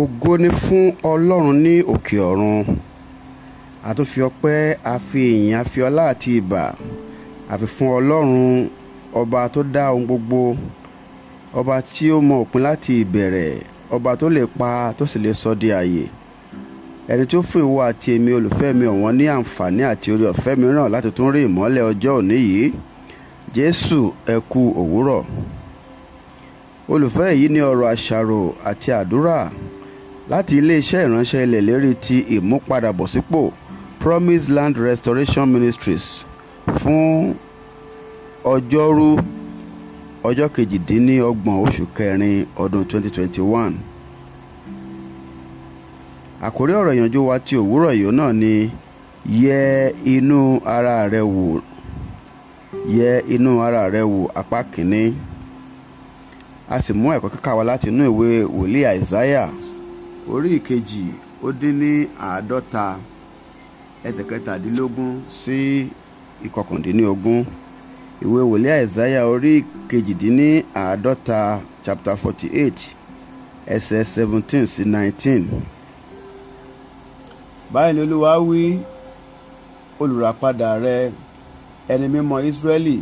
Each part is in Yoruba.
ògo ni fún ọlọ́run ní òkè ọ̀run àtúnfi ọpẹ́ àfi ìyìn àfi ọlá àti ìbà àfi fún ọlọ́run ọba tó dá ohun gbogbo ọba tí ó mọ òpin láti ìbẹ̀rẹ̀ ọba tó lè pa tó sì lè sọ di àyè ẹni tó fún ìwọ àti èmi olùfẹ́ mi ọ̀wọ́n ní àǹfààní àti orí ọ̀fẹ́ mìíràn láti tún rí ìmọ́lẹ̀ ọjọ́ òní yìí jésù ẹ kú òwúrọ̀ olùfẹ́ yìí ní ọ̀rọ̀ àṣàrò àti àdúrà láti iléeṣẹ́ ìránṣẹ́ ilẹ̀ lérí ti ìmúpadàbọ̀sípò Promise Land Restoration Ministries fún ọjọ́rú ọjọ́ kejìdínlọ́gbọ̀n oṣù kẹrin ọdún 2021 àkórí ọ̀rọ̀ ìyànjú wa ti òwúrọ̀ yìí náà ni yẹ inú ara rẹ wò yẹ inú ara rẹ wò apá kìíní a sì mú ẹ̀kọ́ kíkà wá láti inú ìwé wòlíì Àìsáyà orí ìkejì ó dín ní àádọ́ta ẹsẹ̀ kẹtàdínlógún sí ìkọkàndínlógún ìwé wòlíì àìsáyà orí kejìdínní àádọ́ta chapter forty eight ẹsẹ̀ seventeen sí nineteen. báyìí ni olúwa wí olùràpadà rẹ ẹni mímọ́ ìsírẹ́lì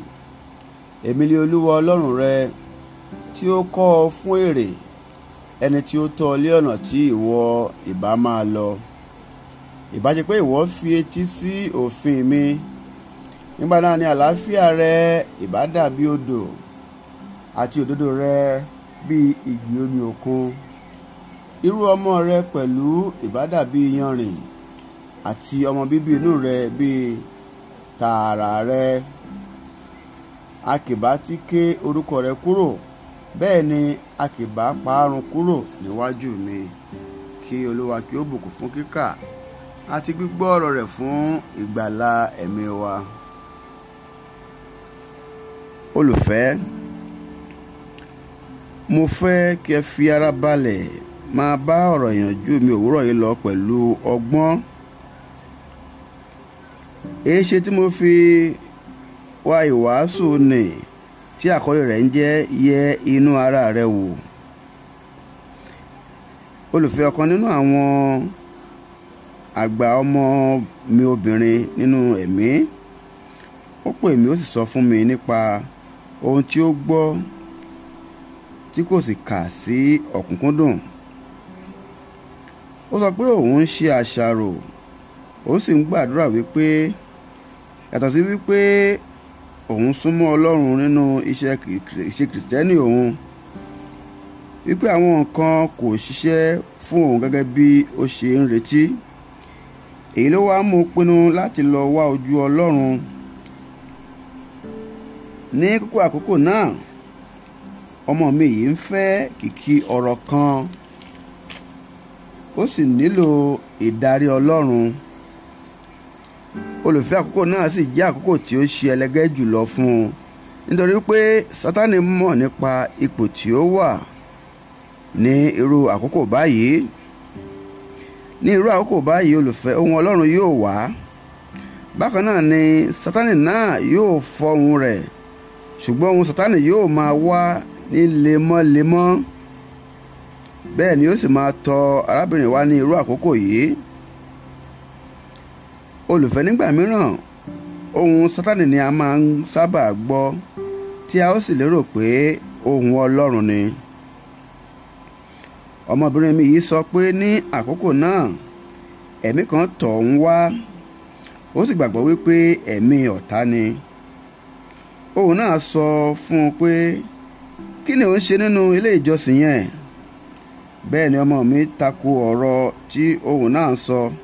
èmi ni olúwa ọlọ́run rẹ tí ó kọ́ ọ fún èrè ẹni tí ó tọ́ ọ lé ọ̀nà tí ìwọ ìbá máa lọ ìbá jẹ́ pé ìwọ fi etí sí òfin mi nígbà náà ni àlàáfíà rẹ ìbá dàbí odò àti òdodo rẹ bí ìgbì omi òkun irú ọmọ rẹ pẹ̀lú ìbá dàbí iyanrìn àti ọmọ bíbí inú rẹ bí tààrà rẹ a ti ké orúkọ rẹ kúrò bẹ́ẹ̀ ni a kì bá parun kúrò níwájú mi kí olúwa kí ó bùkún fún kíkà àti gbígbọ́ ọ̀rọ̀ rẹ̀ fún ìgbàlá ẹ̀mí wa. olùfẹ́ mo fẹ́ kí ẹ fi ara balẹ̀ máa bá ọ̀rọ̀ ìyànjú mi òwúrọ̀ yìí lọ pẹ̀lú ọgbọ́n èéṣe tí mo fi wá ìwàásù nìí tí àkọlé rẹ̀ ń jẹ́ yẹ inú ara rẹ wò olùfẹ́ ọ̀kan nínú àwọn àgbà ọmọ mi obìnrin nínú ẹ̀mí ó pè mí ó sì sọ fún mi nípa ohun tí ó gbọ́ tí kò sì kà sí ọ̀kúnkúndùn ó sọ pé òun ń ṣe àṣàrò òun sì ń gbàdúrà wípé yàtọ̀ sí wípé òun súnmọ́ ọlọ́run nínú iṣẹ́ kìrìsìtẹ́nì òun wípé àwọn nǹkan kò ṣiṣẹ́ fún òun gẹ́gẹ́ bí ó ṣe ń retí èyí ló wá mú un pinnu láti lọ wá ojú ọlọ́run ní kókó àkókò náà ọmọ mi yìí ń fẹ́ kìkì ọ̀rọ̀ kan ó sì nílò ìdarí ọlọ́run. E olùfẹ́ àkókò náà sì jẹ́ àkókò tí ó ṣe ẹlẹgẹ́ jùlọ fún un nítorí pé Sátánì mọ̀ nípa ipò tí ó wà ní irú àkókò báyìí ní irú àkókò báyìí olùfẹ́ ohun Ọlọ́run yóò wá bákan náà ni Sátánì náà yóò fọhùn rẹ̀ ṣùgbọ́n ohun Sátánì yóò máa wá ní lemọ́lemọ́ bẹ́ẹ̀ ni ó sì máa tọ arábìnrin wa ní irú àkókò yìí olùfẹ́ nígbà mìíràn ohun sátani ni a máa ń sábà gbọ́ tí a ó sì lérò pé ohun ọlọ́run ni ọmọbìnrin mi yìí sọ pé ní àkókò náà ẹ̀mí kan tọ̀ ń wá ó sì gbàgbọ́ wípé ẹ̀mí ọ̀tá ni òun náà sọ fún un pé kí ni òun ṣe nínú ilé ìjọsìn yẹn bẹ́ẹ̀ ni ọmọ mi tako ọ̀rọ̀ tí òun náà sọ. So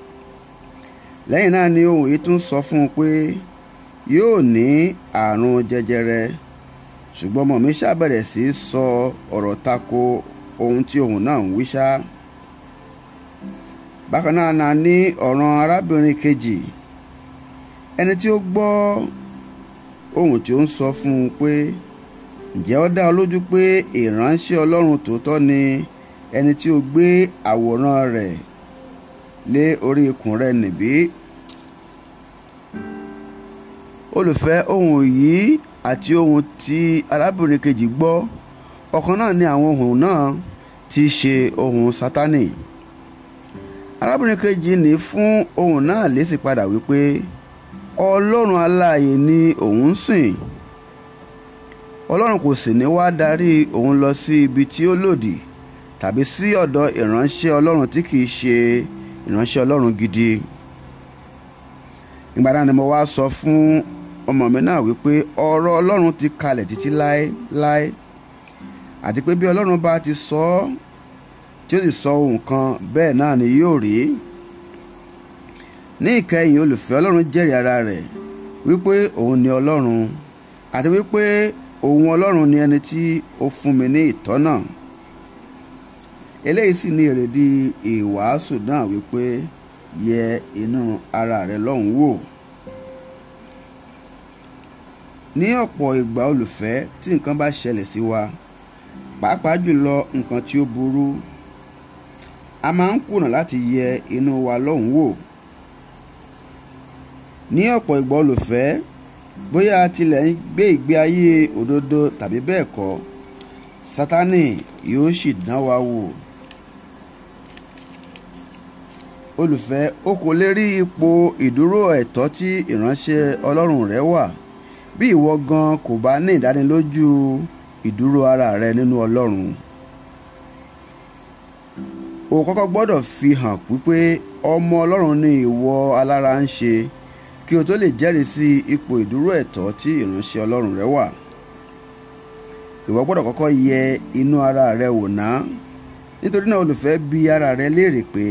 lẹ́yìn náà ni ohùn yìí tún sọ fún un pé yóò ní àrùn jẹjẹrẹ ṣùgbọ́n ọmọ mi ṣàbẹ̀rẹ̀ sí í sọ ọ̀rọ̀ tako ohun tí ohùn náà ń wí ṣá bákan náà na ní ọ̀ràn arábìnrin kejì ẹni tí ó gbọ́ ohun tí ó ń sọ fún un pé ǹjẹ́ ó dá lójú pé ìránṣẹ́ ọlọ́run tòótọ́ ni ẹni tí ó gbé àwòrán rẹ̀ lé orí ikùn rẹ nìbí. olùfẹ́ ohùn yìí àti ohùn tí arábìnrin kejì gbọ́ ọ̀kan náà ni àwọn ohùn náà ti ṣe ohùn sátánì arábìnrin kejì ní fún ohùn náà lésì padà wípé ọlọ́run aláàyè ni òun ń sìn ọlọ́run kò sì ní wá darí òun lọ sí ibi tí ó lòdì tàbí sí ọ̀dọ̀ ìránṣẹ́ ọlọ́run tí kìí ṣe ọlọ́run ìránṣẹ́ ọlọ́run gidi ìgbà náà ni mo wá sọ fún ọmọ mi náà wípé ọ̀rọ̀ ọlọ́run ti kalẹ̀ títí láéláé àti pé bí ọlọ́run bá ti sọ ọ́ tí ó sì sọ ohun kan bẹ́ẹ̀ náà ni yóò rí ní ìkẹyìn olùfẹ́ ọlọ́run jẹ́rìí ara rẹ̀ wípé òun ni ọlọ́run àti wípé òun ọlọ́run ni ẹni tí ó fún mi ní ìtọ́nà eléyìí sì ní èrèdí ìwàásù náà wípé yẹ inú ara rẹ lọ́hùn wò ní ọ̀pọ̀ ìgbà olùfẹ́ tí nǹkan bá ṣẹlẹ̀ sí wa pàápàá jùlọ nǹkan tí ó burú a máa ń kùnà láti yẹ inú wa lọ́hùn wò ní ọ̀pọ̀ ìgbà olùfẹ́ bóyá a tilẹ̀ ń gbé ìgbé ayé òdodo tàbí bẹ́ẹ̀ kọ́ sátánì yóò sì dán wa wò. olùfẹ́ o kò lè rí ipò ìdúró ẹ̀tọ́ tí ìránṣẹ́ ọlọ́run rẹ wà bí ìwọ gan kò bá ní ìdánilójú ìdúró ara rẹ nínú ọlọ́run o kọ́kọ́ gbọ́dọ̀ fi hàn wípé ọmọ ọlọ́run ni ìwọ alára ń ṣe kí o tó lè jẹ́rìí sí ipò ìdúró ẹ̀tọ́ tí ìránṣẹ́ ọlọ́run rẹ wà ìwọ gbọ́dọ̀ kọ́kọ́ yẹ inú ara rẹ wò ná nítorí náà olùfẹ́ bi ara rẹ léèrè pé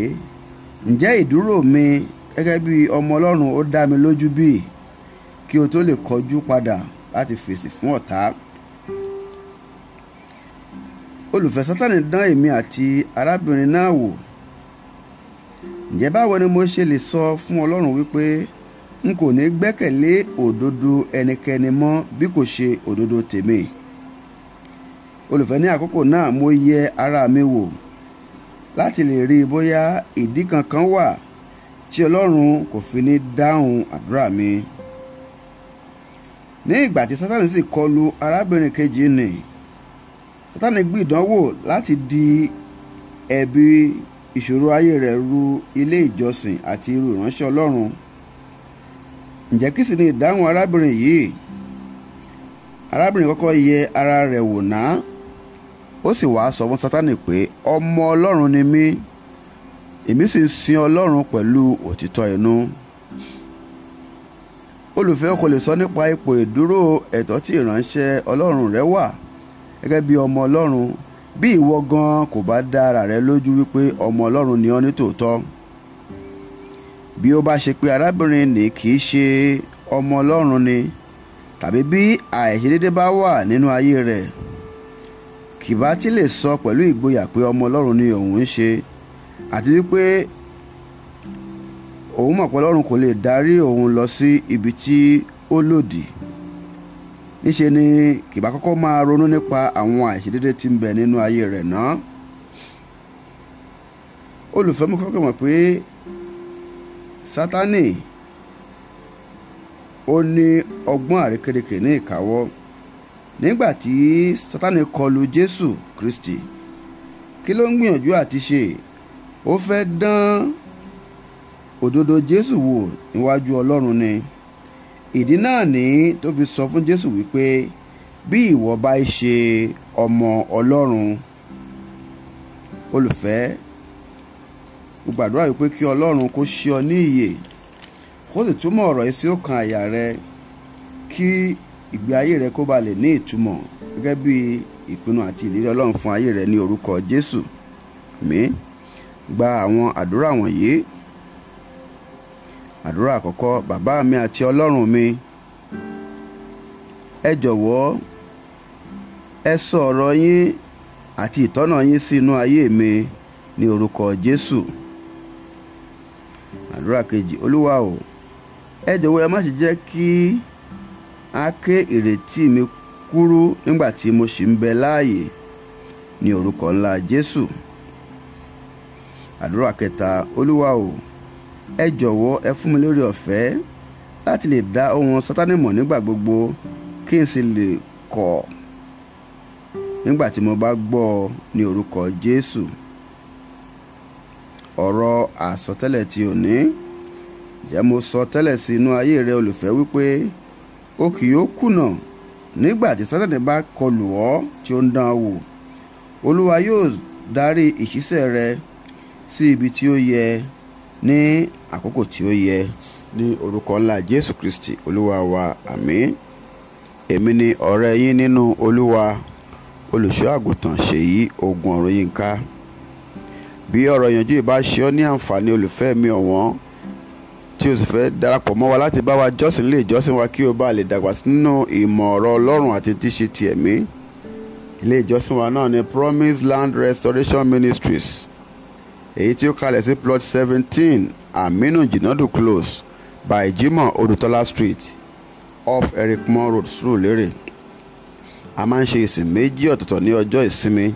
ǹjẹ́ ìdúró mi gẹ́gẹ́ bí ọmọ ọlọ́run ó dá mi lójú bí kí o tó lè kọjú padà láti fèsì fún ọ̀tá olùfẹ́ sátani dán èmi àti arábìnrin náà wò ǹjẹ́ báwo ni mo ṣe lè sọ fún ọlọ́run wípé n kò ní gbẹ́kẹ̀lé òdodo ẹnikẹ́ni mọ́ bí kò ṣe òdodo tèmi olùfẹ́ ní àkókò náà mo yẹ ara mi wò láti lè rí i bóyá ìdí kankan wà tí ọlọ́run kò fi ní dáhùn àdúrà mi. ní ìgbà tí sátani sì kọlu arábìnrin kejì nì sátani gbé ìdánwò láti di ẹ̀bi ìṣòro ayé rẹ̀ ru ilé ìjọsìn àti irú ìránṣẹ́ ọlọ́run ǹjẹ́ kí sì ni ìdáhùn arábìnrin yìí arábìnrin kọ́kọ́ yẹ ara rẹ̀ wò náà ó sì wáá sọ fún sátánì pé ọmọ ọlọ́run ni mí èmi sì ń sin ọlọ́run pẹ̀lú òtítọ́ inú olùfẹ́ kò lè sọ nípa ipò ìdúró ẹ̀tọ́ tí ìránṣẹ́ ọlọ́run rẹ wà gẹ́gẹ́ bí ọmọ ọlọ́run bí ìwọ gan kò bá dá rẹ lójú wípé ọmọ ọlọ́run ni ọ́ ní tòótọ́ bí ó bá ṣe pé arábìnrin ní kì í ṣe ọmọ ọlọ́run ni tàbí bí àìṣedédé bá wà nínú ayé rẹ̀ kìbá tí lè sọ pẹ̀lú ìgboyà pé ọmọ ọlọ́run ni òun ń ṣe àti wípé òun mọ̀ pé ọlọ́run kò lè darí òun lọ sí ibi tí ó lòdì níṣe ni kìbá kọ́kọ́ máa ronú nípa àwọn àìṣedédé tí ń bẹ nínú ayé rẹ̀ náà olùfẹ́ mo fẹ́ mọ̀ pé sátánì ó ní ọgbọ́n àrékérekè ní ìkáwọ́ nígbà tí sátánì kọlu jésù kristi kí ló ń gbìyànjú àti ṣe ó fẹ́ dán òdodo jésù wò níwájú ọlọ́run ni ìdí náà ni tó fi sọ fún jésù wípé bí ìwọ bá ṣe ọmọ ọlọ́run olùfẹ́ mo gbàdúrà wípé kí ọlọ́run kó ṣe ọ ní ìyè kó sì túmọ̀ ọ̀rọ̀ yìí sí ọkàn àyà rẹ kí ìgbé ayé rẹ kó ba lè ní ìtumọ̀ gẹ́gẹ́ bí ìpinnu àti ìlérí ọlọ́run fún ayé rẹ ní orúkọ jésù àmín gba àwọn àdúrà wọ̀nyí àdúrà àkọ́kọ́ bàbá mi àti ọlọ́run mi ẹ jọ̀wọ́ ẹ sọ ọ̀rọ̀ yín àti ìtọ́nà yín sínú ayé mi ní orúkọ jésù àdúrà kejì olúwa o ẹ jọ̀wọ́ ẹ má ṣe jẹ́ kí á ké ìrètí mi kúrú nígbà tí mo sì ń bẹ láàyè ní orúkọ ńlá Jésù àdúrà kẹta olúwa o ẹ jọ̀wọ́ ẹ fún mi lórí ọ̀fẹ́ láti lè dá ohun sátánì mọ̀ nígbà gbogbo kí n sì lè kọ̀ nígbà tí mo bá gbọ́ ọ ní orúkọ Jésù ọ̀rọ̀ àsọtẹ́lẹ̀ tí ò ní jẹ́ mo sọ tẹ́lẹ̀ sí inú ayé rẹ olùfẹ́ wípé o kì yóò kùnà nígbà tí sátani bá kọlù ọ́ tí ó ń dán ọ wò olúwa yóò darí ìṣiṣẹ́ rẹ sí ibi tí ó yẹ ní àkókò tí ó yẹ ní orúkọ ńlá jésù kristi olúwa wa àmín èmi ni ọ̀rẹ́ yín nínú olúwa olùṣọ́ àgùntàn ṣèyí ogun ọ̀rọ̀ yín ká bí ọ̀rọ̀ ìyànjú ìbá ṣe ọ́ ní àǹfààní olùfẹ́ mi ọ̀wọ́n tí o sì fẹ́ darapọ̀ mọ́ wa láti bá wa jọ́sìn lé ìjọsìn wa kí o bá lè dàgbà sínú ìmọ̀ ọ̀rọ̀ ọlọ́run àti tíṣe ti ẹ̀mí ilé ìjọsìn wa náà ni Promise Land Restoration Ministries èyí tí ó kalẹ̀ sí plot seventeen Aminu Jinadu close by Jimoh Odutola Street off Eric Erikmon Road Surulere a máa ń ṣe ìsìn méjì ọ̀tọ̀ọ̀tọ̀ ní ọjọ́ ìsinmi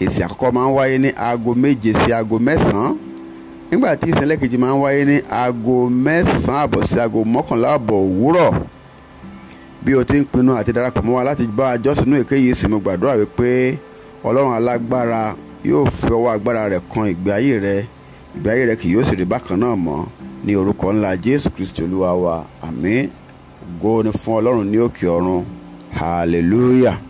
ìsìn àkọ́kọ́ máa ń wáyé ní aago méje sí aago mẹ́sàn-án nígbà tí ìṣẹ̀lẹ̀ kejì máa ń wáyé ní aago mẹ́sàn-án àbọ̀ sí aago mọ́kànlá àbọ̀ òwúrọ̀ bí o ti ń pinnu àti darapọ̀ mọ́ wa láti bá a jọ́sìn inú èké yìí sì mo gbàdúrà wípé ọlọ́run alágbára yóò fi ọwọ́ agbára rẹ̀ kan ìgbé ayé rẹ ìgbé ayé rẹ kì yóò sì rí bákan náà mọ́ ní orúkọ ńlá jésù kristi olúwa wa àmín ògo ni fún ọlọ́run ní òkè ọ̀run hallelujah.